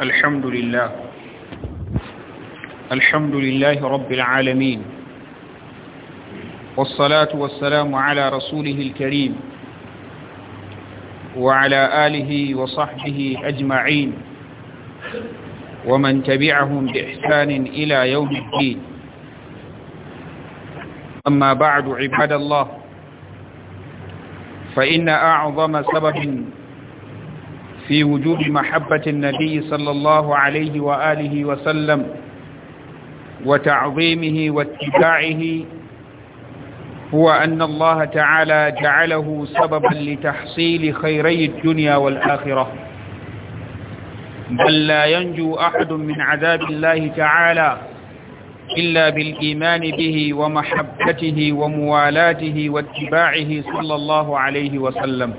الحمد لله الحمد لله رب العالمين والصلاة والسلام على رسوله الكريم وعلى آله وصحبه أجمعين ومن تبعهم بإحسان إلى يوم الدين أما بعد عباد الله فإن أعظم سبب في وجود محبة النبي صلى الله عليه وآله وسلم وتعظيمه واتباعه هو أن الله تعالى جعله سببا لتحصيل خيري الدنيا والآخرة بل لا ينجو أحد من عذاب الله تعالى إلا بالإيمان به ومحبته وموالاته واتباعه صلى الله عليه وسلم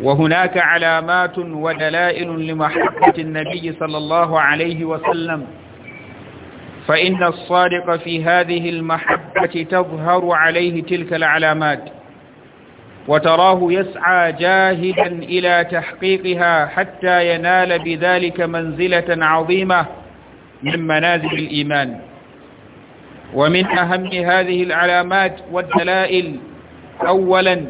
وهناك علامات ودلائل لمحبة النبي صلى الله عليه وسلم فإن الصادق في هذه المحبة تظهر عليه تلك العلامات وتراه يسعى جاهدا إلى تحقيقها حتى ينال بذلك منزلة عظيمة من منازل الإيمان ومن أهم هذه العلامات والدلائل أولاً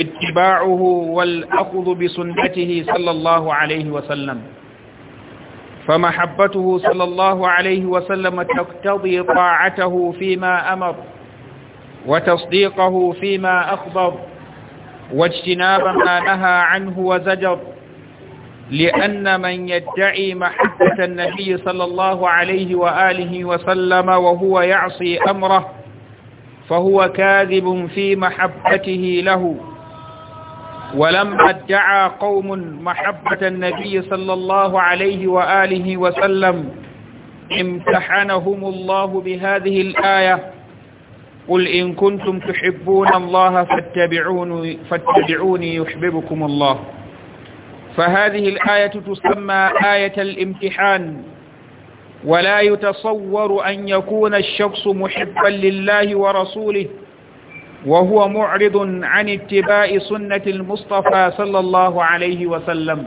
اتباعه والأخذ بسنته صلى الله عليه وسلم فمحبته صلى الله عليه وسلم تقتضي طاعته فيما أمر وتصديقه فيما أخبر واجتناب ما نهى عنه وزجر لأن من يدعي محبة النبي صلى الله عليه وآله وسلم وهو يعصي أمره فهو كاذب في محبته له ولما ادعى قوم محبة النبي صلى الله عليه وآله وسلم امتحنهم الله بهذه الآية قل إن كنتم تحبون الله فاتبعوني, فاتبعوني يحببكم الله فهذه الآية تسمى آية الامتحان ولا يتصور أن يكون الشخص محبا لله ورسوله وهو معرض عن اتباع سنة المصطفى صلى الله عليه وسلم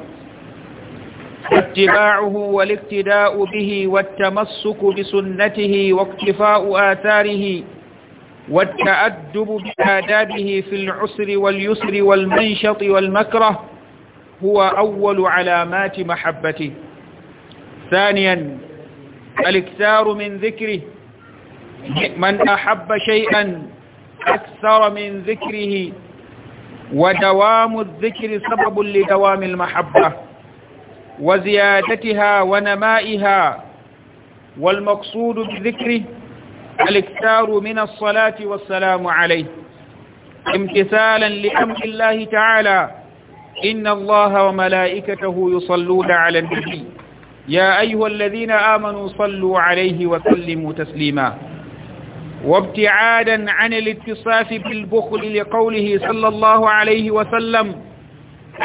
اتباعه والاقتداء به والتمسك بسنته واقتفاء آثاره والتأدب بآدابه في العسر واليسر والمنشط والمكره هو أول علامات محبته ثانيا الاكثار من ذكره من أحب شيئا أكثر من ذكره ودوام الذكر سبب لدوام المحبة وزيادتها ونمائها والمقصود بذكره الاكثار من الصلاة والسلام عليه امتثالا لأمر الله تعالى إن الله وملائكته يصلون على النبي يا أيها الذين آمنوا صلوا عليه وسلموا تسليما وابتعادا عن الاتصاف بالبخل لقوله صلى الله عليه وسلم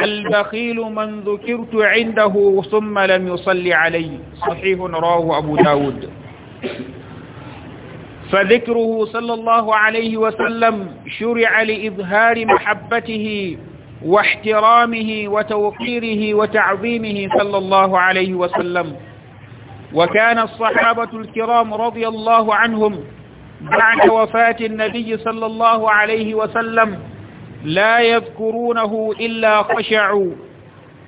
البخيل من ذكرت عنده ثم لم يصل علي صحيح رواه أبو داود فذكره صلى الله عليه وسلم شرع لإظهار محبته واحترامه وتوقيره وتعظيمه صلى الله عليه وسلم وكان الصحابة الكرام رضي الله عنهم بعد وفاة النبي صلى الله عليه وسلم لا يذكرونه إلا خشعوا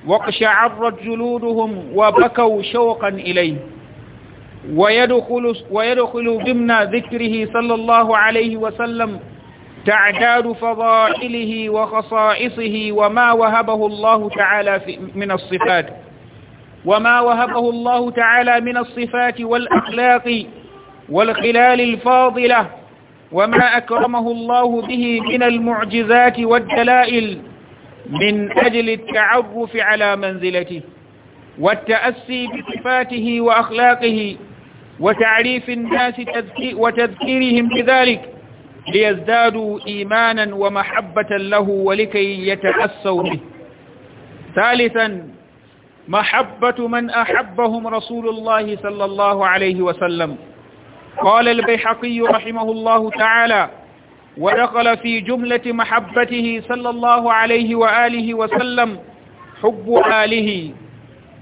وقشعرت جلودهم وبكوا شوقا إليه ويدخل, ويدخل ضمن ذكره صلى الله عليه وسلم تعداد فضائله وخصائصه وما وهبه الله تعالى من الصفات وما وهبه الله تعالى من الصفات والأخلاق والخلال الفاضلة وما أكرمه الله به من المعجزات والدلائل من أجل التعرف على منزلته والتأسي بصفاته وأخلاقه وتعريف الناس وتذكيرهم بذلك ليزدادوا إيمانا ومحبة له ولكي يتأسوا به ثالثا محبة من أحبهم رسول الله صلى الله عليه وسلم قال البيحقي رحمه الله تعالى ودخل في جملة محبته صلى الله عليه وآله وسلم حب آله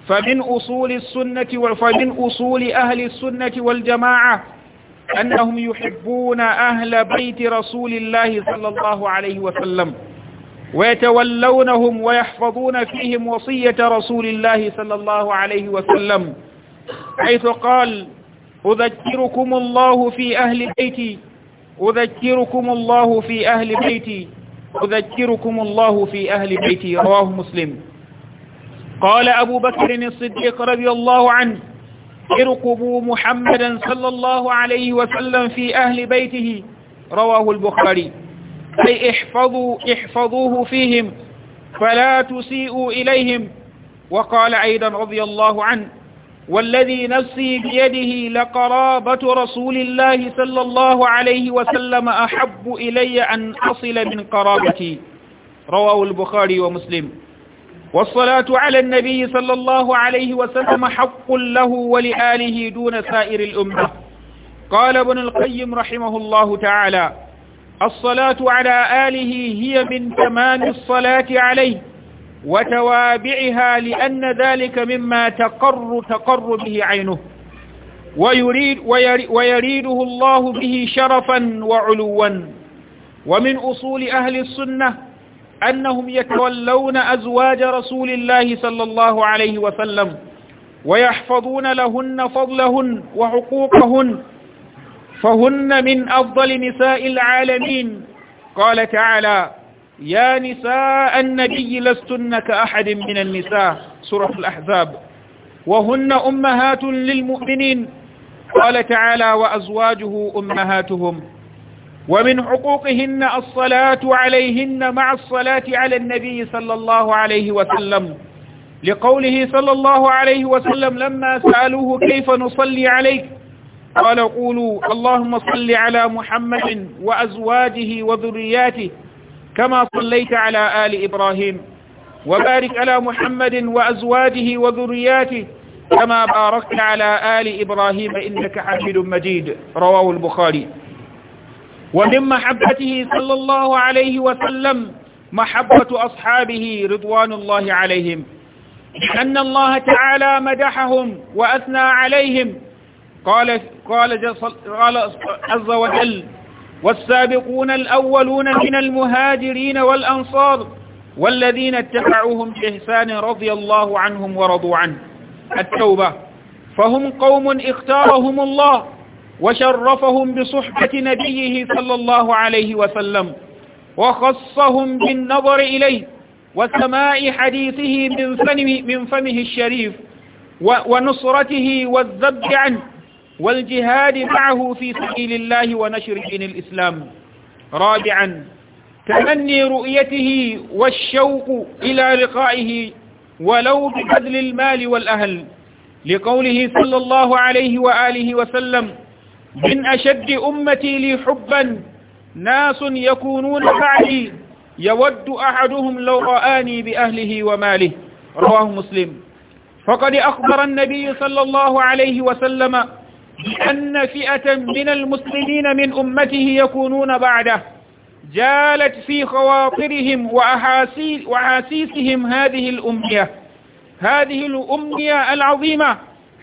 فمن أصول السنة فمن أصول أهل السنة والجماعة أنهم يحبون أهل بيت رسول الله صلى الله عليه وسلم ويتولونهم ويحفظون فيهم وصية رسول الله صلى الله عليه وسلم حيث قال أذكركم الله في أهل بيتي أذكركم الله في أهل بيتي أذكركم الله في أهل بيتي رواه مسلم قال أبو بكر الصديق رضي الله عنه ارقبوا محمدا صلى الله عليه وسلم في أهل بيته رواه البخاري أي احفظوا احفظوه فيهم فلا تسيئوا إليهم وقال أيضا رضي الله عنه والذي نفسي بيده لقرابة رسول الله صلى الله عليه وسلم أحب إلي أن أصل من قرابتي رواه البخاري ومسلم والصلاة على النبي صلى الله عليه وسلم حق له ولآله دون سائر الأمة قال ابن القيم رحمه الله تعالى الصلاة على آله هي من تمام الصلاة عليه وتوابعها لأن ذلك مما تقر تقر به عينه ويريد ويريده الله به شرفا وعلوا ومن أصول أهل السنة أنهم يتولون أزواج رسول الله صلى الله عليه وسلم ويحفظون لهن فضلهن وحقوقهن فهن من أفضل نساء العالمين قال تعالى يا نساء النبي لستن كأحد من النساء سورة الأحزاب وهن أمهات للمؤمنين قال تعالى وأزواجه أمهاتهم ومن حقوقهن الصلاة عليهن مع الصلاة على النبي صلى الله عليه وسلم لقوله صلى الله عليه وسلم لما سألوه كيف نصلي عليك قال قولوا اللهم صل على محمد وأزواجه وذرياته كما صليت على آل إبراهيم وبارك على محمد وأزواجه وذرياته كما باركت على آل إبراهيم إنك حميد مجيد رواه البخاري ومن محبته صلى الله عليه وسلم محبة أصحابه رضوان الله عليهم أن الله تعالى مدحهم وأثنى عليهم قال قال, قال عز وجل والسابقون الأولون من المهاجرين والأنصار والذين اتبعوهم بإحسان رضي الله عنهم ورضوا عنه التوبة فهم قوم اختارهم الله وشرفهم بصحبة نبيه صلى الله عليه وسلم وخصهم بالنظر إليه وسماع حديثه من فمه الشريف ونصرته والذب عنه والجهاد معه في سبيل الله ونشر دين الإسلام رابعا تمني رؤيته والشوق إلى لقائه ولو ببذل المال والأهل لقوله صلى الله عليه وآله وسلم من أشد أمتي لي حبا ناس يكونون بعدي يود أحدهم لو رآني بأهله وماله رواه مسلم فقد أخبر النبي صلى الله عليه وسلم بأن فئة من المسلمين من أمته يكونون بعده جالت في خواطرهم وأحاسي وأحاسيسهم هذه الأمية هذه الأمية العظيمة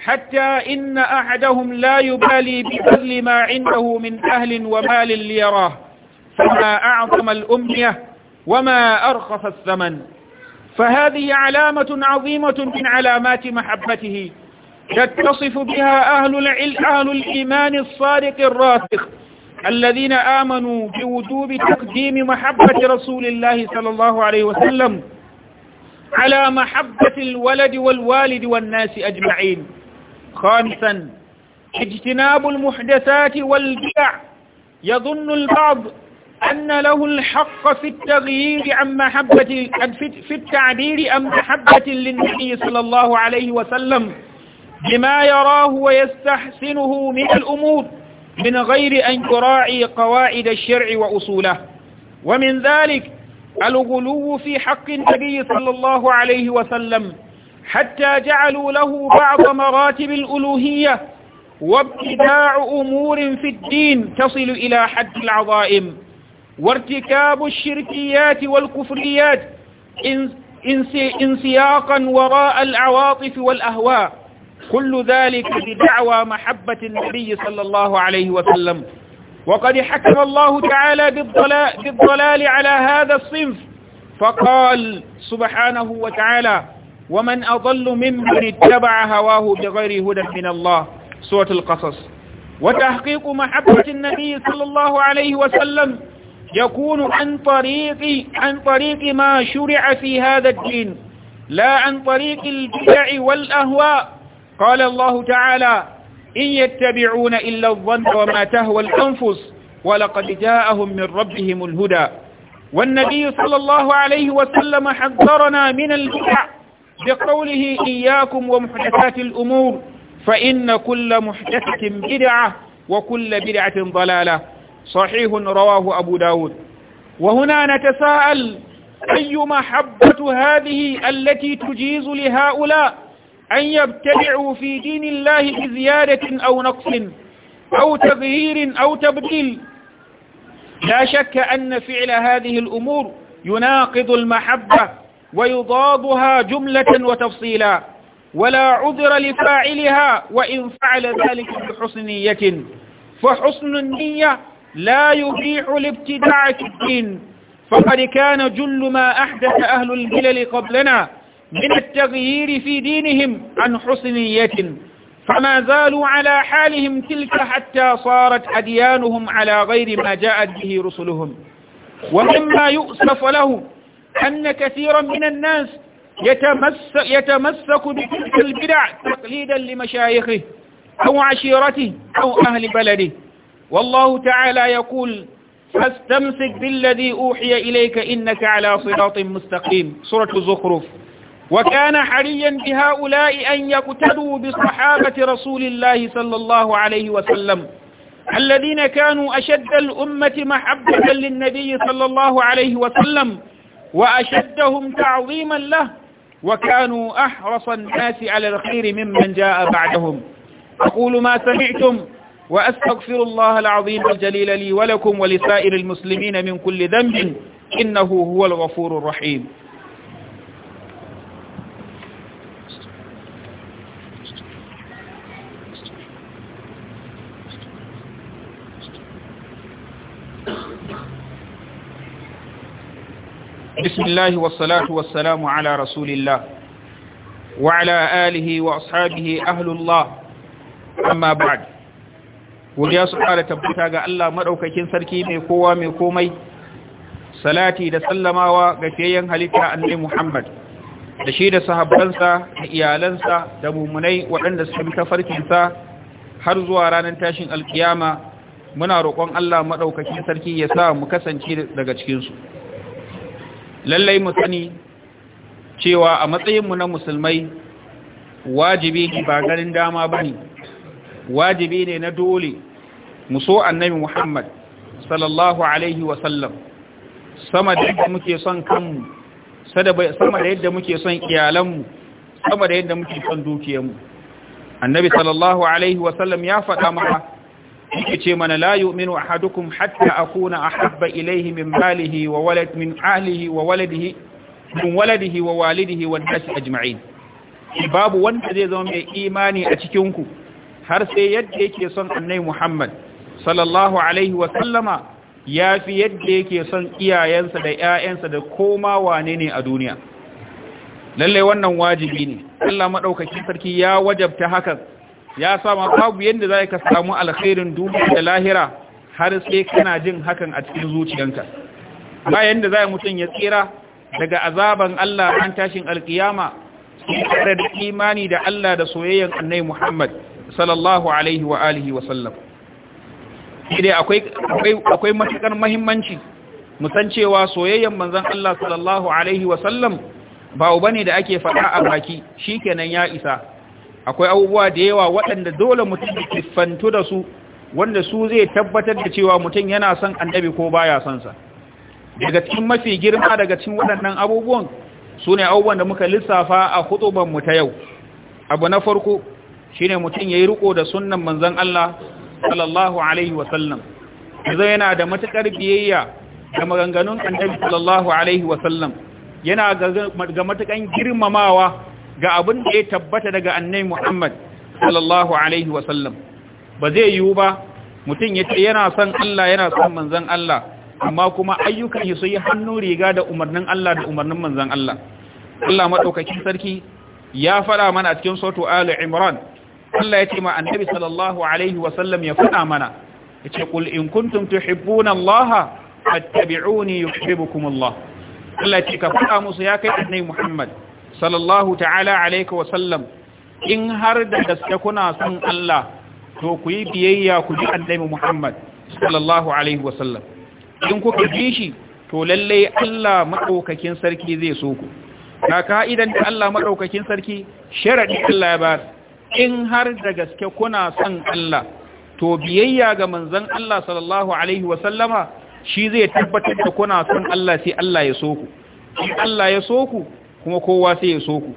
حتى إن أحدهم لا يبالي بكل ما عنده من أهل ومال ليراه فما أعظم الأمية وما أرخص الثمن فهذه علامة عظيمة من علامات محبته يتصف بها أهل, العل... أهل الإيمان الصادق الراسخ الذين آمنوا بوجوب تقديم محبة رسول الله صلى الله عليه وسلم على محبة الولد والوالد والناس أجمعين خامسا اجتناب المحدثات والبدع يظن البعض أن له الحق في التغيير عن محبة في التعبير عن محبة للنبي صلى الله عليه وسلم بما يراه ويستحسنه من الأمور من غير أن يراعي قواعد الشرع وأصوله ومن ذلك الغلو في حق النبي صلى الله عليه وسلم حتى جعلوا له بعض مراتب الألوهية وابتداع أمور في الدين تصل إلى حد العظائم وارتكاب الشركيات والكفريات انسياقا وراء العواطف والأهواء كل ذلك بدعوى محبة النبي صلى الله عليه وسلم وقد حكم الله تعالى بالضلال, بالضلال على هذا الصنف فقال سبحانه وتعالى ومن أضل ممن اتبع هواه بغير هدى من الله سورة القصص وتحقيق محبة النبي صلى الله عليه وسلم يكون عن طريق عن طريق ما شرع في هذا الدين لا عن طريق البدع والأهواء قال الله تعالى إن يتبعون إلا الظن وما تهوى الأنفس ولقد جاءهم من ربهم الهدى والنبي صلى الله عليه وسلم حذرنا من البدع بقوله إياكم ومحدثات الأمور فإن كل محدثة بدعة وكل بدعة ضلالة صحيح رواه أبو داود وهنا نتساءل أي محبة هذه التي تجيز لهؤلاء أن يبتدعوا في دين الله بزيادة أو نقص أو تغيير أو تبديل لا شك أن فعل هذه الأمور يناقض المحبة ويضادها جملة وتفصيلا ولا عذر لفاعلها وإن فعل ذلك بحسن نية فحسن النية لا يبيح الابتداع في الدين فقد كان جل ما أحدث أهل الجلل قبلنا من التغيير في دينهم عن حسن نية فما زالوا على حالهم تلك حتى صارت أديانهم على غير ما جاءت به رسلهم ومما يؤسف له أن كثيرا من الناس يتمس يتمسك بتلك البدع تقليدا لمشايخه أو عشيرته أو أهل بلده والله تعالى يقول فاستمسك بالذي أوحي إليك إنك على صراط مستقيم سورة الزخرف وكان حريا بهؤلاء أن يقتدوا بصحابة رسول الله صلى الله عليه وسلم الذين كانوا أشد الأمة محبة للنبي صلى الله عليه وسلم وأشدهم تعظيما له وكانوا أحرص الناس على الخير ممن جاء بعدهم أقول ما سمعتم وأستغفر الله العظيم الجليل لي ولكم ولسائر المسلمين من كل ذنب إنه هو الغفور الرحيم بسم الله والصلاة والسلام على رسول الله وعلى آله وأصحابه أهل الله أما بعد وليا سبحانه تبتا ga Allah madaukakin sarki mai kowa mai komai salati da sallamawa ga fiyayen halitta annabi Muhammad da shi da sahabbansa da iyalansa da mumunai waɗanda suka bi tafarkinsa har zuwa ranar tashin alkiyama muna roƙon Allah madaukakin sarki ya sa mu kasance daga cikin su lallai mu sani cewa a matsayinmu na musulmai wajibi ba ganin dama ba ne wajibi ne na dole mu so annabi muhammad sallallahu alaihi wasallam sama da yadda muke son kanmu sama da yadda muke son iyalanmu sama da yadda muke son dukiyarmu annabi sallallahu alaihi wasallam ya faɗa maka yake ce mana la yu'minu ahadukum hatta akuna ahabba ilayhi min malihi wa walad min ahlihi wa waladihi min waladihi wa walidihi wa nas ajma'in babu wanda zai zama mai imani a cikin ku har sai yadda yake son annabi Muhammad sallallahu alaihi wa sallama yafi yadda yake son iyayensa da ƴaƴansa da koma wane ne a duniya lalle wannan wajibi ne Allah madaukakin sarki ya wajabta hakan ya sama babu yadda za ka samu alkhairin duniya da lahira har sai kana jin hakan a cikin zuciyanka ba yadda za mutum ya tsira daga azaban Allah an tashin alkiyama tare da imani da Allah da soyayyan annai Muhammad sallallahu alaihi wa alihi wa sallam akwai akwai matukar muhimmanci musan cewa soyayyan manzon Allah sallallahu alaihi wa sallam ba bane da ake faɗa a baki shikenan ya isa akwai abubuwa da yawa waɗanda dole mutum ya da su wanda su zai tabbatar da cewa mutum yana son annabi ko baya son sa daga cikin mafi girma daga cikin waɗannan abubuwan su ne abubuwan da muka lissafa a hutuban mu ta yau abu na farko shine mutum yi riko da sunnan manzon Allah sallallahu alaihi wa sallam yana da matakar biyayya da maganganun annabi sallallahu alaihi wa sallam yana ga matakan girmamawa ga abin da ya tabbata daga annai Muhammad sallallahu alaihi wasallam ba zai yiwu ba mutum ya ce yana son Allah yana son manzan Allah amma kuma ayyukan yi su yi hannu riga da umarnin Allah da umarnin manzan Allah Allah maɗaukakin sarki ya faɗa mana a cikin soto Ali Imran Allah ya ce ma annabi sallallahu alaihi wasallam ya faɗa mana ya ce kul in kuntum tuhibbuna Allah fattabi'uni yuhibbukum Allah Allah ya ce ka faɗa musu ya kai annai Muhammad sallallahu ta'ala alaika wasallam in har da gaske kuna son Allah to ku yi biyayya ku ji annabi Muhammad sallallahu alaihi wasallam in kuka ji shi to lallai Allah madaukakin sarki zai so ku ka ka'idan da Allah madaukakin sarki sharadi Allah ya ba in har da gaske kuna son Allah to biyayya ga manzon Allah sallallahu alaihi wasallama shi zai tabbatar da kuna son Allah sai Allah ya so ku in Allah ya so ku kuma kowa sai ya so ku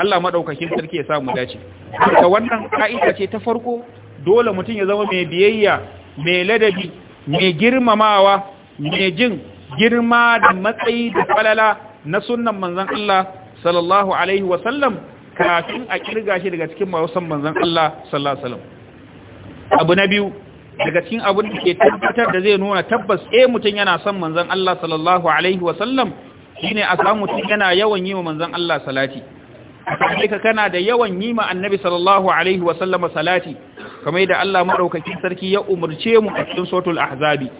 Allah maɗaukakin sarki ya samu dace daga wannan ka'ida ce ta farko dole mutum ya zama mai biyayya mai ladabi mai girmamawa mai jin girma da matsayi da falala na sunan manzan Allah sallallahu alaihi kafin a kirga shi daga cikin mawusan manzan Allah sallallahu alaihi abu na biyu daga cikin abin da ke tabbatar da zai nuna tabbas eh mutum yana son manzon Allah sallallahu alaihi shine a samu mutum yana yawan yi wa manzan Allah salati ka kana da yawan yi ma annabi sallallahu alaihi wa sallama salati kamar da Allah maɗaukakin sarki ya umurce mu a cikin ahzabi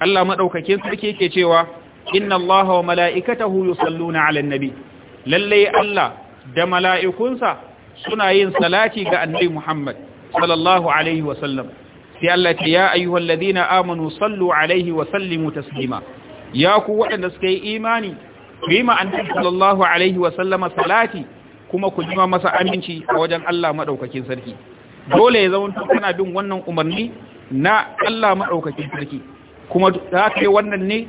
Allah maɗaukakin sarki ke cewa inna Allah wa mala'ikatahu yusalluna 'alan nabi lalle Allah da mala'ikunsa suna yin salati ga annabi Muhammad sallallahu alaihi wa sallam sai Allah ta ya ayyuhalladhina amanu sallu alaihi wa sallimu taslima ya ku waɗanda suka yi imani ku yi ma sallallahu alaihi wa sallama salati kuma ku jima masa aminci a wajen Allah maɗaukakin sarki dole ya zama kana bin wannan umarni na Allah maɗaukakin sarki kuma za ka yi wannan ne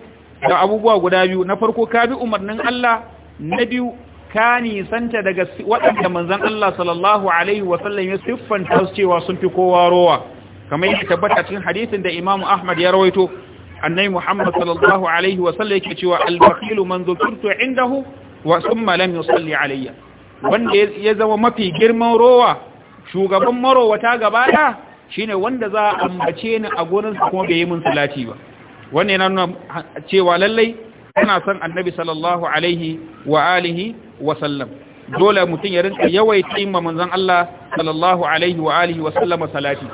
da abubuwa guda biyu na farko ka bi umarnin Allah na biyu ka nisanta daga waɗanda manzan Allah sallallahu alaihi wa ya siffanta su cewa sun fi kowa rowa kamar yadda tabbata cikin hadisin da Imam Ahmad ya rawaito annai Muhammad sallallahu alaihi wa sallam yake cewa al-bakhil man zukurtu indahu wa thumma lam yusalli alayya wanda ya zama mafi girman rowa shugaban marowata gaba da shine wanda za a ambace ni a gurin sa kuma bai yi min salati ba wannan yana nuna cewa lallai ana son annabi sallallahu alaihi wa alihi wa sallam dole mutum ya rinka yawaita yin manzon Allah sallallahu alaihi wa alihi wa sallama salati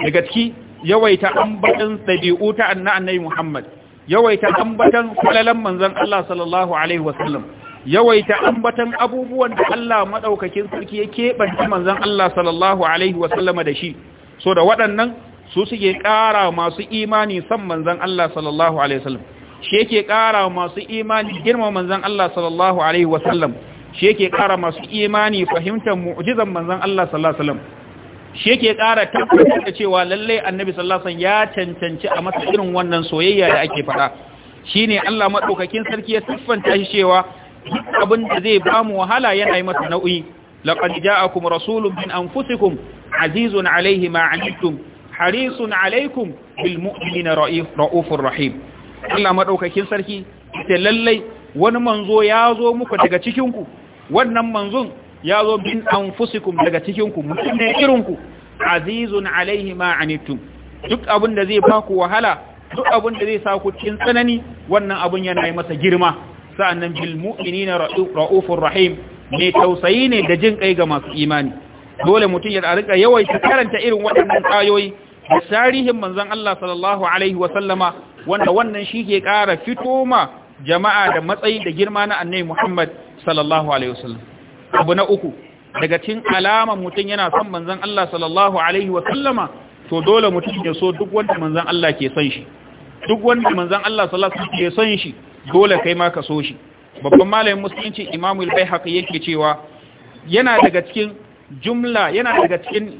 daga ciki yawaita ambatan dabi'u ta annabi Muhammad yawaita ambatan falalan manzon Allah sallallahu alaihi wasallam yawaita ambatan abubuwan da Allah madaukakin sarki ya keɓanta manzon Allah sallallahu alaihi da shi so da waɗannan su suke ƙara masu imani san manzon Allah sallallahu alaihi wasallam shi yake ƙara masu imani girma manzon Allah sallallahu alaihi wasallam shi yake ƙara masu imani fahimtar mu'jizan manzon Allah sallallahu alaihi wasallam shi yake ƙara tabbatar da cewa lallai annabi sallallahu ya cancanci a masa irin wannan soyayya da ake faɗa shine Allah madaukakin sarki ya siffanta shi cewa abin da zai ba mu wahala yana yi masa nau'i laqad ja'akum rasulun min anfusikum azizun alaihi ma anittum harisun alaikum bil mu'minina ra'ufur rahim Allah madaukakin sarki ce lallai wani manzo ya zo muku daga cikin ku wannan manzon ya zo bin anfusikum daga cikinku mutum ne irinku azizun alaihi ma duk abin da zai ba ku wahala duk abin da zai sa ku cikin tsanani wannan abin yana yi masa girma sa'annan bil mu'minina ra'ufur rahim ne tausayi ne da jin kai ga masu imani dole mutum ya rika yawaita karanta irin waɗannan ayoyi da tarihin manzon Allah sallallahu alaihi wa sallama wanda wannan shi ke kara fito ma jama'a da matsayi da girma na annabi Muhammad sallallahu alaihi wa sallam abu na uku daga cikin alaman mutum yana son manzon Allah sallallahu alaihi wa to dole mutum ya so duk wanda manzon Allah ke son shi duk wanda manzon Allah sallallahu ke son shi dole kai ma ka so shi babban malamin musulunci Imam al-Baihaqi yake cewa yana daga cikin jumla yana daga cikin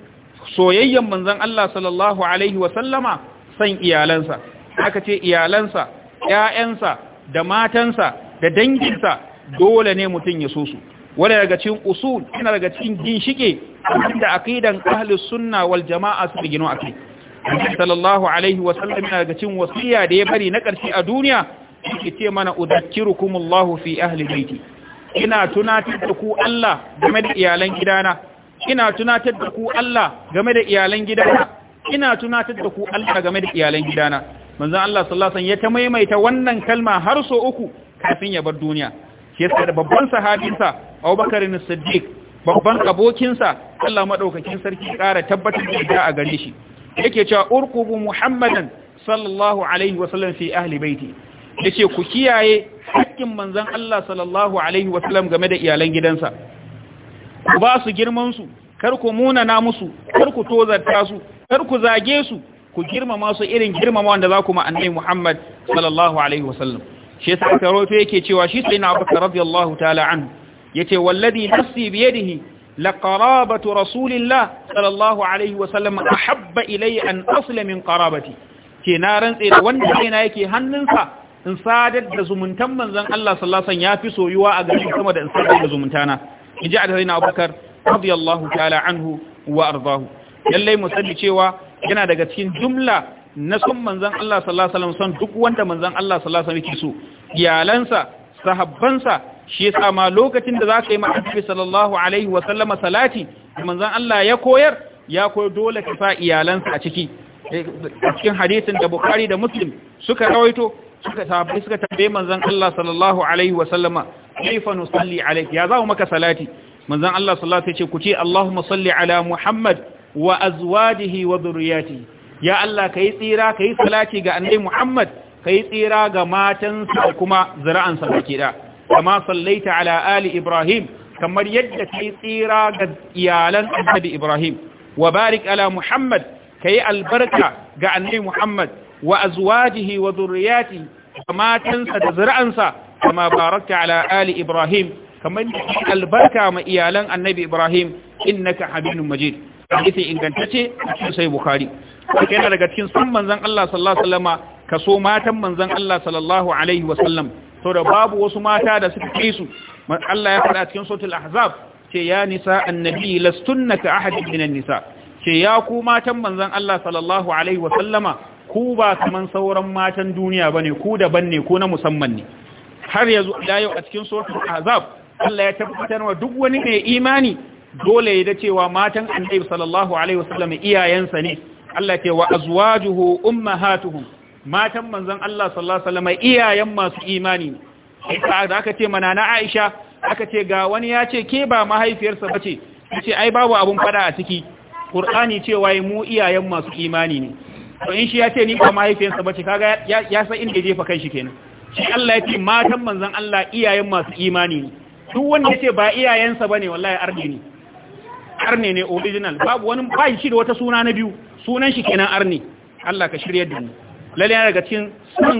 soyayyen manzon Allah sallallahu alaihi wa sallama iyalansa aka ce iyalansa 'ya'yansa, da matansa da danginsa dole ne mutum ya so su wani daga cikin usul yana daga cikin ginshike da aqidan ahlus sunna wal jama'a su gino akai sallallahu alaihi wa sallam yana daga cikin wasiya da ya bari na ƙarshe a duniya yake ce mana udhakkirukumullahu fi ahli baiti ina tunatar da ku Allah game da iyalan gidana ina tunatar da ku Allah game da iyalan gidana ina tunatar da ku Allah game da iyalan gidana manzon Allah sallallahu alaihi ya ta maimaita wannan kalma har so uku kafin ya bar duniya shi yasa da babban sahabinsa abubakar ne babban abokinsa Allah maɗaukakin sarki kara tabbatar da a gare shi yake cewa urqubu muhammadan sallallahu alaihi wasallam fi ahli baiti yace ku kiyaye hakkin manzon Allah sallallahu alaihi wasallam game da iyalan gidansa ku ba su girman su kar ku na musu kar ku tozarta su kar ku zage su ku girmama su irin girmama wanda za ku ma annabi Muhammad sallallahu alaihi wasallam shi yasa aka yake cewa shi sayyidina Abubakar radiyallahu ta'ala anhu yace wallazi nafsi bi yadihi laqarabatu rasulillah sallallahu alaihi wa sallam ahabba ilai an asla karabati qarabati kina rantsa da wanda na yake hannunsa in sadar da zumuntan manzon Allah sallallahu alaihi soyuwa a gare kuma da in sadar da zumuntana inji a daina abubakar radiyallahu ta'ala anhu wa ardahu lallai musalli cewa yana daga cikin jumla na san manzon Allah sallallahu alaihi duk wanda manzon Allah sallallahu alaihi so iyalansa sahabbansa shi yasa ma lokacin da zaka yi ma annabi sallallahu alaihi wa sallama salati manzon Allah ya koyar ya koyar dole ka sa iyalansa a ciki eh, cikin hadisin da Bukhari da Muslim suka rawaito suka tabbai suka tambaye manzon Allah sallallahu alaihi wa sallama nusalli ya maka salati manzon Allah sallallahu alaihi ce ku ce Allahumma salli ala Muhammad wa azwajihi wa dhurriyyatihi ya Allah kai tsira kai salati ga annabi Muhammad kai tsira ga matansa kuma zuri'ansa baki da kama sallaita ala ali ibrahim kamar yadda kai tsira ga iyalan annabi ibrahim wa barik ala muhammad kai albarka ga annabi muhammad wa azwajihi wa zurriyati matansa da zuri'ansa kama barakta ala ali ibrahim kamar albarka ma iyalan annabi ibrahim innaka habibun majid hadisi ingantacce sai bukhari kai na daga cikin sun manzon Allah sallallahu alaihi wasallama kaso matan manzon Allah sallallahu alaihi wasallam da babu wasu mata da suka kai su Allah ya faɗa cikin suratul ahzab ce ya nisa annabi lastunna ka ahadin minan nisa ce ya ku matan manzon Allah sallallahu alaihi wa sallama ku ba kaman sauran matan duniya bane ku daban ne ku na musamman ne har yanzu da yau a cikin suratul ahzab Allah ya tabbatar wa duk wani mai imani dole ya da cewa matan annabi sallallahu alaihi wa sallama iyayensa ne Allah ce wa azwajuhu ummahatuhum matan manzan Allah sallallahu alaihi wasallam iyayen masu imani da aka ce manana na Aisha aka ce ga wani ya ce ke ba mahaifiyarsa bace ce ai babu abun fada a ciki Qur'ani cewa mu iyayen masu imani ne to in shi ya ce ni ba mahaifiyarsa bace kaga ya san inda jefa kanshi kenan shi Allah ya ce matan manzan Allah iyayen masu imani ne duk wanda ya ce ba iyayensa bane wallahi arni ne arne ne original babu wani ba shi da wata suna na biyu sunan shi kenan arne Allah ka shirye da mu lalle yana daga cikin son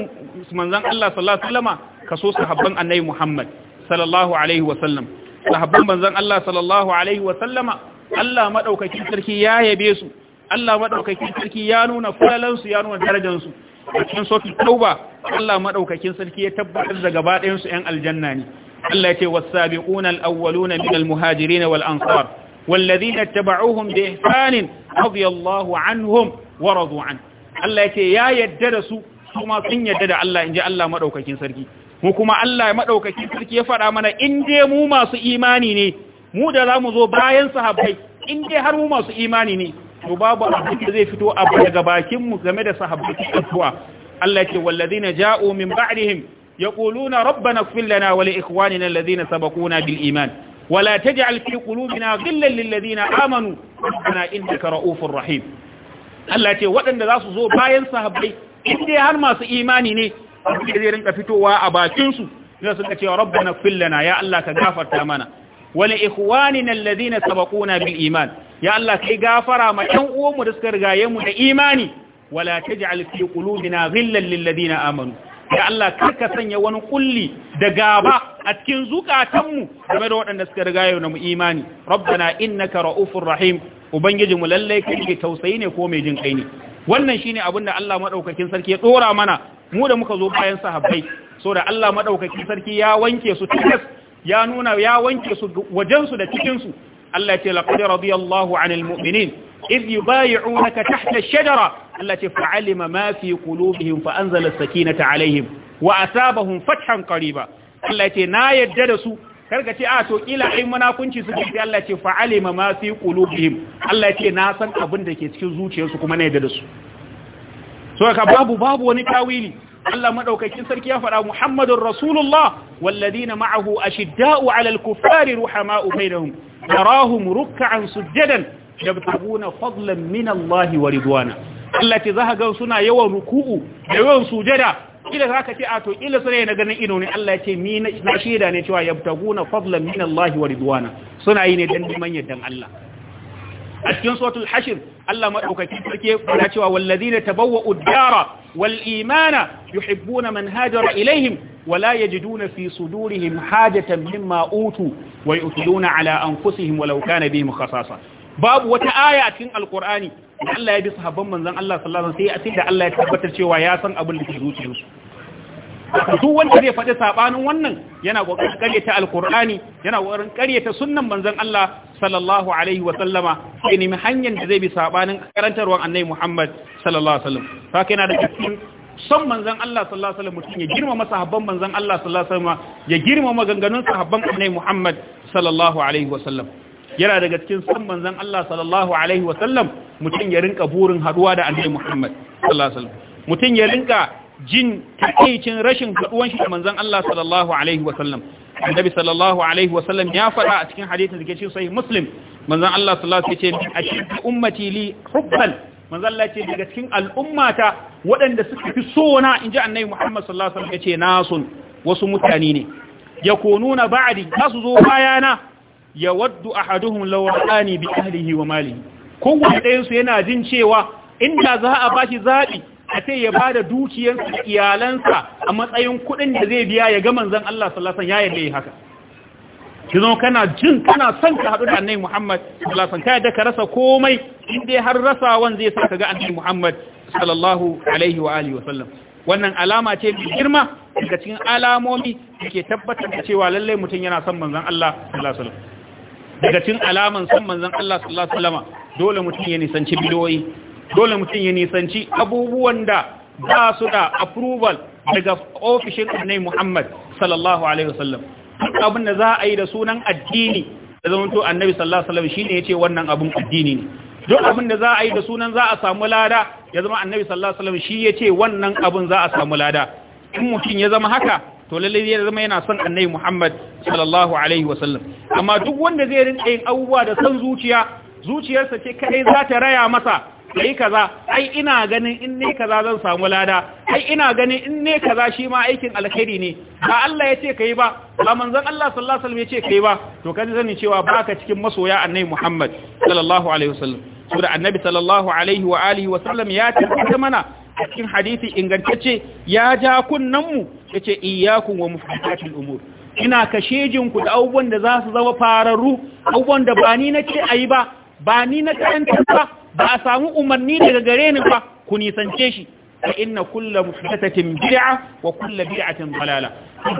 manzon Allah sallallahu alaihi wasallama kaso sahabban annabi Muhammad sallallahu alaihi wasallam sahabban manzon Allah sallallahu alaihi wasallama Allah madaukakin sarki ya yabe su Allah madaukakin sarki ya nuna fulalan su ya nuna darajar su cikin sokin tauba Allah madaukakin sarki ya tabbatar da gaba ɗayan su ƴan aljanna ne Allah ya ce was-sabiquna al-awwaluna min al-muhajirin wal-ansar والذين اتبعوهم بإحسان رضي الله عنهم ورضوا عنه Allah ya ce ya yadda da su kuma sun yadda da Allah in ji Allah maɗaukakin sarki mu kuma Allah maɗaukakin sarki ya faɗa mana in je mu masu imani ne mu da za mu zo bayan sahabbai in je har mu masu imani ne to babu abin da zai fito abu daga bakinmu game da sahabbai kuwa Allah ya ce wallazina ja'u min ba'dihim yaquluna rabbana ighfir lana wa li ikhwanina alladhina sabaquna bil iman ولا تجعل في قلوبنا غلا للذين آمنوا ربنا إنك رؤوف رحيم Allah ce waɗanda za su zo bayan sahabbai inda har masu imani ne da zai rinka fitowa a bakinsu za su ka rabbana fillana ya Allah ka gafarta mana wani ikhwanina alladhina sabaquna bil iman ya Allah kai gafara ma ɗan uwanmu da suka rigaye mu da imani wala taj'al fi qulubina ghillan lil ladina amanu ya Allah karka sanya wani kulli da gaba a cikin zukatanmu game da waɗanda suka rigaye mu imani rabbana innaka ra'ufur rahim ubangiji mu lalle kai tausayi ne ko mai jin kai ne wannan shine abin da Allah madaukakin sarki ya dora mana mu da muka zo bayan sahabbai so da Allah madaukakin sarki ya wanke su tikas ya nuna ya wanke su wajen su da cikin su Allah ce laqad radiyallahu anil mu'minin idh yubay'unaka tahta ash-shajara Allah ce fa'alima ma fi qulubihim fa anzala as-sakinata alaihim wa asabahum fathan qariba Allah ce na yadda da su karka ce a ah, to kila ai munafunci suke sai Allah ce fa alima ma fi qulubihim Allah ce na san abin da ke cikin zuciyarsu kuma na da su so ka babu babu wani tawili Allah madaukakin sarki ya faɗa Muhammadur Rasulullah walladina ma'ahu ashidda'u 'alal kuffari ruhama'u bainahum yarahum ruk'an sujadan yabtaguna fadlan min Allah wa ridwana Allah ce za ga suna yawan ruku'u da yawan sujada kila za ka ce a to kila suna na ganin ido ne Allah ya ce ni na shaida ne cewa yabtaguna fadlan min Allah wa ridwana suna yi ne dan neman yardan Allah a cikin suratul hashir Allah madaukaki sarki fara cewa wallazina tabawwa'u ad-dara wal imana yuhibbuna man hajara ilaihim wala yajiduna fi sudurihim hajatan mimma utu wa yu'tiluna ala anfusihim walau kana bihim khasasa babu wata aya a cikin alqur'ani da Allah ya bi sahabban manzon Allah sallallahu alaihi wasallam sai a da Allah ya tabbatar cewa ya san abin da ke zuciyarsu duk wanda zai faɗi sabanin wannan yana kokarin karyata alqur'ani yana kokarin karyata sunnan manzon Allah sallallahu alaihi wasallama sai nemi hanyar da zai bi sabanin karantarwar annabi Muhammad sallallahu alaihi wasallam haka yana da cikin son manzan Allah sallallahu alaihi wasallam mutum ya girmama sahabban manzan Allah sallallahu alaihi wasallam ya girmama ganganun sahabban annabi Muhammad sallallahu alaihi wasallam yana daga cikin san manzon Allah sallallahu alaihi wasallam mutum ya rinka burin haduwa da annabi Muhammad sallallahu mutum ya rinka jin takeicin rashin haduwan shi da manzon Allah sallallahu alaihi wasallam annabi sallallahu alaihi wasallam ya faɗa a cikin hadisin da cikin sahih muslim Allah sallallahu alaihi wasallam ya ce ashiddu ummati li hubban manzon Allah ce daga cikin al'ummata waɗanda suka fi so na inji annabi Muhammad sallallahu alaihi wasallam ya ce nasun wasu mutane ne yakununa ba'di za su zo bayana ya waddu ahaduhum law ra'ani bi ahlihi wa malihi kowanne ɗayan yana jin cewa inda za a bashi zaɓi a ce ya bada dukiyarsa da iyalansa a matsayin kuɗin da zai biya ya ga manzon Allah sallallahu alaihi wasallam ya yarda haka kizo kana jin kana son ka haɗu da annabi Muhammad sallallahu ka yadda ka rasa komai in dai har rasawan zai sa ka ga annabi Muhammad sallallahu alaihi wa alihi wasallam wannan alama ce mai girma daga cikin alamomi da ke tabbatar da cewa lallai mutum yana son manzon Allah sallallahu alaihi wasallam daga cin alaman san manzan Allah sallallahu alaihi wasallam dole mutum ya nisanci bidoyi dole mutum ya nisanci abubuwan da ba su da approval daga ofishin Annabi Muhammad sallallahu alaihi wasallam abin da za a yi da sunan addini da zamanto Annabi sallallahu alaihi wasallam shine yace wannan abun addini ne duk abin da za a yi da sunan za a samu lada ya zama Annabi sallallahu alaihi wasallam shi yace wannan abun za a samu lada in mutum ya zama haka to lalle zai zama yana son annabi Muhammad sallallahu alaihi wasallam amma duk wanda zai rinka yin abubuwa da son zuciya zuciyarsa ce kai za ta raya masa kai kaza ai ina ganin in ne kaza zan samu lada ai ina ganin in ne kaza shi ma aikin alkhairi ne ba Allah ya ce kai ba ba manzon Allah sallallahu alaihi wasallam ya ce kai ba to kaji zani cewa baka cikin masoya annabi Muhammad sallallahu alaihi wasallam saboda annabi sallallahu alaihi wa alihi wasallam ya tabbata mana a cikin hadisi ingantacce ya ja kunnanmu ya ce iyakun wa muhimmancin umur ina kashejinku da abubuwan da za su zama fararru abubuwan da ba ni na ce a yi ba ba ni na karanta ba ba a samu umarni daga gare ni ba ku nisance shi fa inna kulla muhdathatin bid'a wa kulla bid'atin dalala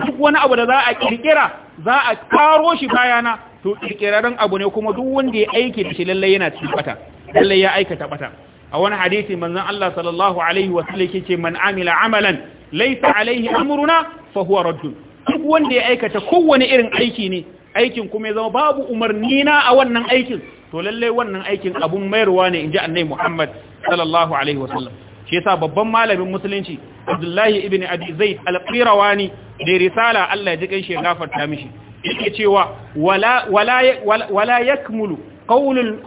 duk wani abu da za a kirkira za a karo shi bayana to kirkiraren abu ne kuma duk wanda ya aike da shi lalle yana cikin bata lalle ya aikata bata a wani hadisi manzon Allah sallallahu alaihi wa sallam yake man amila amalan laysa alaihi amruna fa huwa raddun duk wanda ya aikata kowane irin aiki ne aikin kuma ya zama babu umarni na a wannan aikin to lallai wannan aikin abun mayarwa ne inji annabi Muhammad sallallahu alaihi wa sallam shi yasa babban malamin musulunci Abdullahi ibn Abi Zaid al-Qirawani da risala Allah ya ji kan shi gafarta mishi yake cewa wala wala wala yakmulu qaulul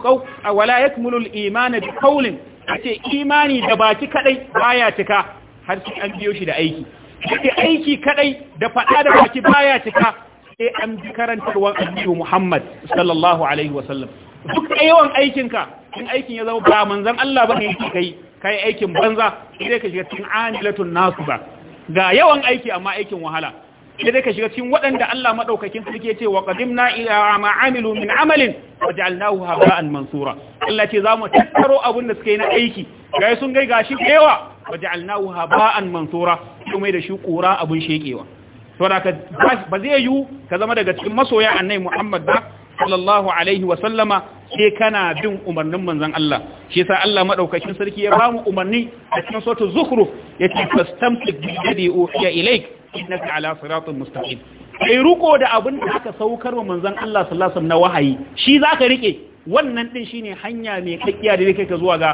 wala yakmulu al-iman bi qaulin ace imani da baki kadai baya cika har sai an biyo shi da aiki yake aiki kadai da fada da baki baya cika sai an bi karantarwar annabi Muhammad sallallahu alaihi sallam. duk yawan aikinka in aikin ya zama ba manzon Allah ba ne kai kai aikin banza sai ka shiga cikin anilatun nasu ba ga yawan aiki amma aikin wahala sai ka shiga cikin waɗanda Allah madaukakin suke ya ce wa qadimna ila ma amilu min amalin waja'alnahu haba'an mansura Allah ce zamu tattaro abun da suke yi na aiki gai sun gai gashi kewa waja'alnahu haba'an mansura kuma da shi kura abun shekewa to da ka ba zai yiwu ka zama daga cikin masoya annabi Muhammad ba sallallahu alaihi wa sallama ke kana bin umarnin manzon Allah shi sa Allah madaukakin sarki ya bamu umarni a cikin suratul zukhruf yace fastamsik bi yadi uhiya ilaik innaka ala siratin mustaqim kai ruko da abin da aka saukar wa manzon Allah sallallahu alaihi wasallam na wahayi shi zaka rike wannan din shine hanya mai kakkiya da kai ka zuwa ga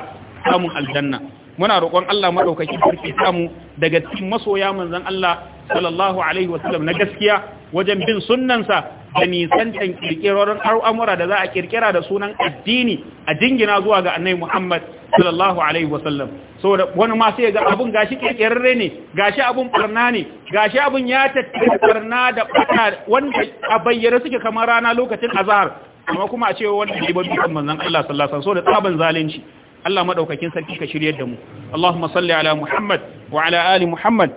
samun aljanna muna roƙon Allah madaukakin sarki samu daga cikin masoya manzon Allah sallallahu alaihi wasallam na gaskiya wajen bin sunansa da nisantan kirkirorin al'amura da za a kirkira da sunan addini a jingina zuwa ga annai Muhammad sallallahu alaihi wasallam saboda wani ma sai ga abun gashi kirkirarre ne gashi abun barna ne gashi abun ya tattara barna da bata wanda a bayyana suke kamar rana lokacin azahar amma kuma a ce wani ne babbi kan manzon Allah sallallahu alaihi wasallam saboda zalunci Allah madaukakin sarki ka shiryar da mu Allahumma salli ala Muhammad wa ala ali Muhammad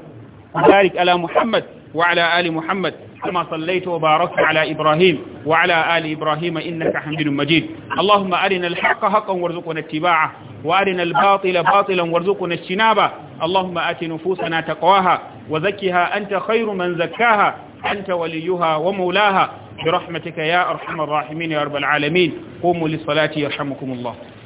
barik ala Muhammad وعلى آل محمد كما صليت وباركت على إبراهيم وعلى آل إبراهيم إنك حميد مجيد اللهم أرنا الحق حقا وارزقنا اتباعه وأرنا الباطل باطلا وارزقنا اجتنابه اللهم آت نفوسنا تقواها وزكها أنت خير من زكاها أنت وليها ومولاها برحمتك يا أرحم الراحمين يا رب العالمين قوموا للصلاة يرحمكم الله